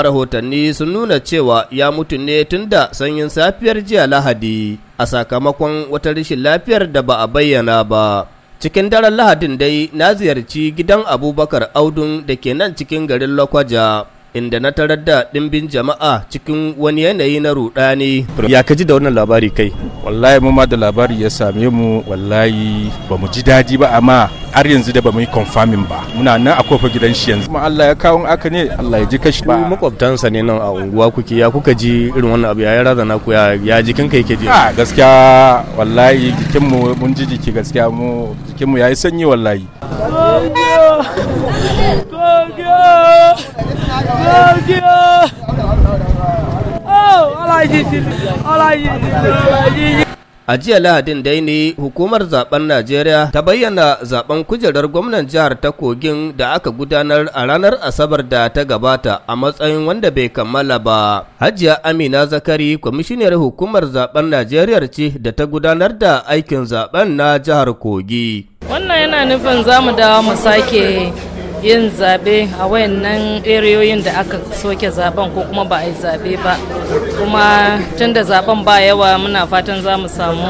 rahotanni sun nuna cewa ya mutu ne tun da sanyin safiyar jiya lahadi a sakamakon wata rashin lafiyar da ba a bayyana ba cikin daren lahadin dai na ziyarci gidan abubakar audun da ke nan cikin garin lokwaja inda na tarar da ɗimbin jama'a cikin wani yanayi na rudani ya kaji da wannan labari kai wallahi mu ma da labari ya same mu wallahi ba mu ji daɗi ba amma har yanzu da ba mu yi confirming ba muna nan a kofar gidan shi yanzu kuma Allah ya kawo aka ne Allah ya ji kashi ba makwabtansa ne nan a unguwa kuke ya kuka ji irin wannan abu ya raza na ku ya jikin kai ke ji a ah, gaskiya wallahi jikin mu mun ji jiki gaskiya mu jikin mu yayi sanyi wallahi Oh, God. A jiya Lahadin dai ne hukumar zaben Najeriya ta bayyana zaben kujerar gwamnan jihar ta Kogin da aka gudanar a ranar Asabar da ta gabata a matsayin wanda bai kammala ba. Hajiya Amina Zakari kwamishiniyar hukumar zaben Najeriya ce da ta gudanar da aikin zaben na jihar Kogi. Wannan yana nufin za mu dawo mu sake yin zabe a wayannan eriyoyin da aka soke zaben ko kuma ba a yi zabe ba kuma tun da zaben ba yawa muna fatan za mu samu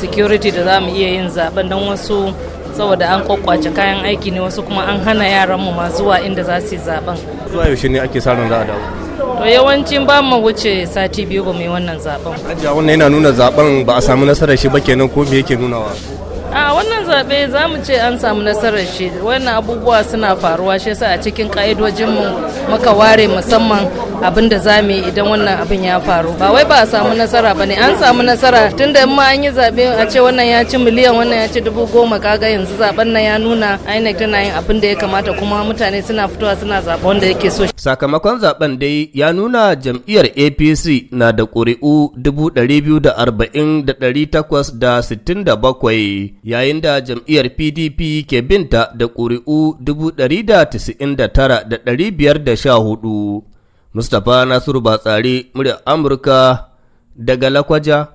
security da za mu iya yin zaben don wasu saboda an kwakwace kayan aiki ne wasu kuma an hana yaran mu ma zuwa inda za su yi zaben zuwa yaushe ne ake samun za a dawo to yawancin ba mu wuce sati biyu ba mu yi wannan zaben ajiya wannan yana nuna zaben ba a samu nasarar shi ba kenan ko me yake nunawa a wannan zaɓe za mu ce an samu nasarar shi wannan abubuwa suna faruwa shi yasa a cikin ƙa'idojinmu muka ware musamman abin da za mu yi idan wannan abin ya faru ba wai ba a samu nasara ba ne an samu nasara tun da ma an yi zaɓe a ce wannan ya ci miliyan wannan ya ci dubu goma kaga yanzu zaben nan ya nuna INEC tana yin abin da ya kamata kuma mutane suna fitowa suna zaɓen wanda yake so. Sakamakon zaben dai ya nuna jam'iyyar APC na da ƙuri'u dubu ɗari biyu da arba'in da ɗari takwas da sittin da bakwai yayin da jam'iyyar PDP ke binta da ƙuri'u dubu ɗari da tisa'in da tara da ɗari biyar da sha hudu. Mustapha Nasiru Batsari murya Amurka daga Lakwaja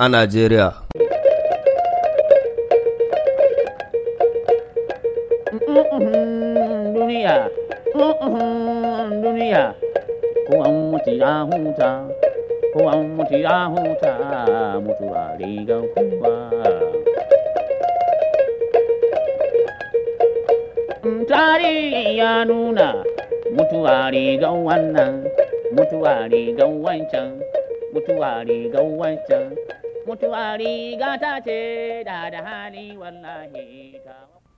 a Najeriya. Duniya, duniya, ko an mutu ya huta, ko an mutu ya huta, mutuwa rigar kuwa. tarihi ya nuna mutuwa rigan wannan mutuwa rigan wancan mutuwa rigan wancan mutuwa riga ta ce da da hali wallahi